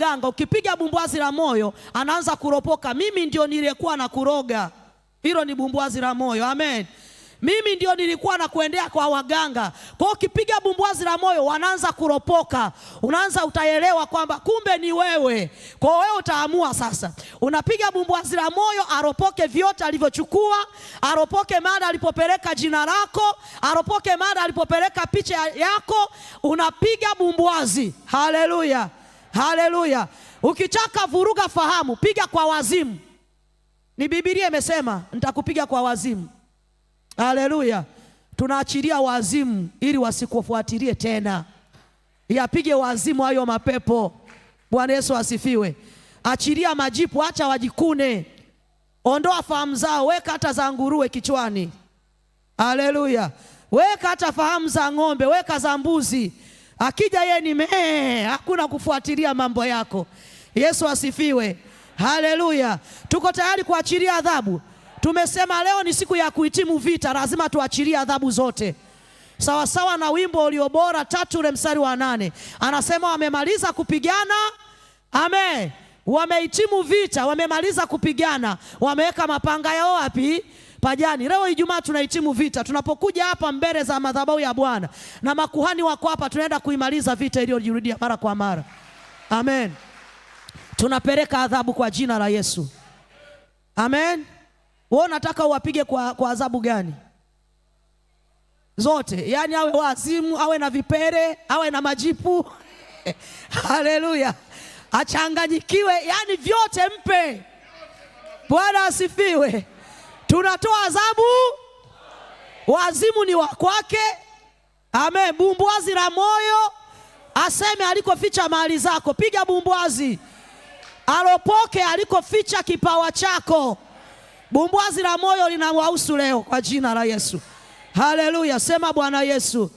waganga, ukipiga bumbuazi la moyo anaanza kuropoka. Mimi ndio niliyekuwa na kuroga, hilo ni bumbuazi la moyo. Amen. Mimi ndio nilikuwa na kuendea kwa waganga. Kwa hiyo ukipiga bumbwazi la moyo wanaanza kuropoka, unaanza utaelewa kwamba kumbe ni wewe. Kwa hiyo wewe utaamua sasa, unapiga bumbwazi la moyo aropoke vyote alivyochukua, aropoke mada alipopeleka jina lako, aropoke mada alipopeleka picha yako. Unapiga bumbwazi. Haleluya! Haleluya! Ukitaka vuruga fahamu, piga kwa wazimu. Ni Biblia imesema nitakupiga kwa wazimu. Haleluya! Tunaachilia wazimu ili wasikufuatilie tena, yapige wazimu hayo mapepo. Bwana Yesu asifiwe. Achilia majipu, acha wajikune, ondoa fahamu zao, weka hata za nguruwe kichwani. Haleluya! Weka hata fahamu za ng'ombe, weka za mbuzi. Akija yeye ni mee, hakuna kufuatilia mambo yako. Yesu asifiwe, haleluya. Tuko tayari kuachilia adhabu. Tumesema leo ni siku ya kuhitimu vita, lazima tuachilie adhabu zote sawasawa sawa na wimbo ulio bora tatu ule mstari wa nane anasema wamemaliza kupigana, ame wamehitimu vita, wamemaliza kupigana, wameweka mapanga yao wapi? pajani. Leo Ijumaa tunahitimu vita. Tunapokuja hapa mbele za madhabahu ya Bwana na makuhani wako hapa, tunaenda kuimaliza vita iliyojirudia mara kwa mara. Amen. Tunapeleka adhabu kwa jina la Yesu. Amen. Wewe unataka uwapige kwa, kwa adhabu gani? Zote, yaani awe wazimu, awe na vipere, awe na majipu haleluya, achanganyikiwe, yaani vyote mpe. Bwana asifiwe tunatoa adhabu, wazimu ni wa kwake. Amen. Bumbwazi la moyo aseme alikoficha mali zako, piga bumbwazi, alopoke alikoficha kipawa chako. Bumbwazi la moyo linamwahusu leo kwa jina la Yesu. Haleluya, sema Bwana Yesu,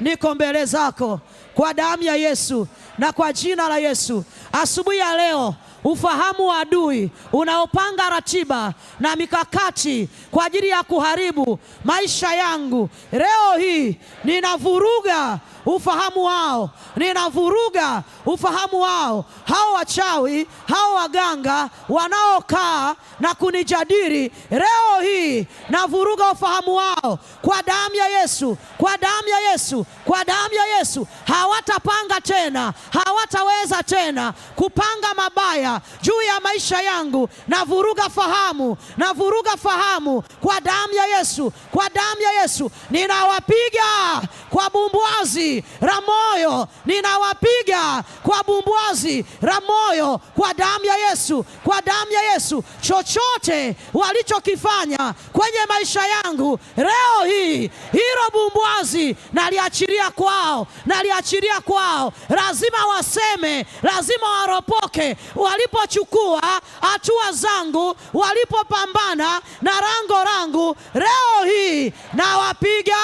niko mbele zako kwa damu ya Yesu na kwa jina la Yesu, asubuhi ya leo ufahamu wa adui unaopanga ratiba na mikakati kwa ajili ya kuharibu maisha yangu. Leo hii ninavuruga ufahamu wao, ninavuruga ufahamu wao, hao wachawi, hao waganga wanaokaa na kunijadili leo hii, na vuruga ufahamu wao kwa damu ya Yesu, kwa damu ya Yesu, kwa damu ya Yesu. Hawatapanga tena, hawataweza tena kupanga mabaya juu ya maisha yangu. Na vuruga fahamu, na vuruga fahamu kwa damu ya Yesu, kwa damu ya Yesu. Ninawapiga kwa bumbwazi la moyo, ninawapiga kwa bumbwazi la moyo, kwa damu ya Yesu, kwa damu ya Yesu Chocho chochote walichokifanya kwenye maisha yangu leo hii, hilo bumbwazi naliachilia kwao, naliachilia kwao. Lazima waseme, lazima waropoke. Walipochukua hatua zangu, walipopambana na lango langu, leo hii nawapiga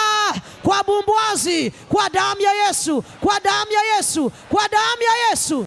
kwa bumbwazi, kwa damu ya Yesu, kwa damu ya Yesu, kwa damu ya Yesu.